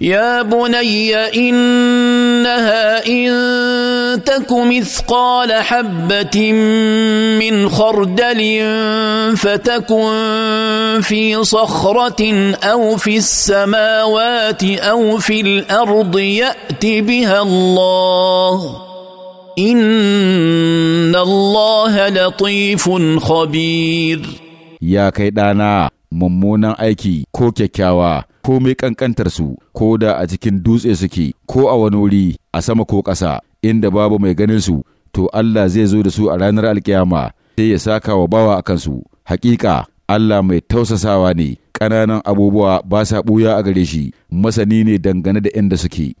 يا بني انها ان تك مثقال حبه من خردل فتكن في صخره او في السماوات او في الارض يات بها الله ان الله لطيف خبير يا كيدانا mummunan aiki ko kyakkyawa ko mai ƙanƙantarsu ko da a cikin dutse suke ko a wani wuri a sama ko ƙasa inda babu mai ganin su to Allah zai zo da su a ranar alkiyama sai ya saka wa bawa a kansu hakika Allah mai tausasawa ne ƙananan abubuwa ba sa ɓuya a gare shi masani ne dangane da inda suke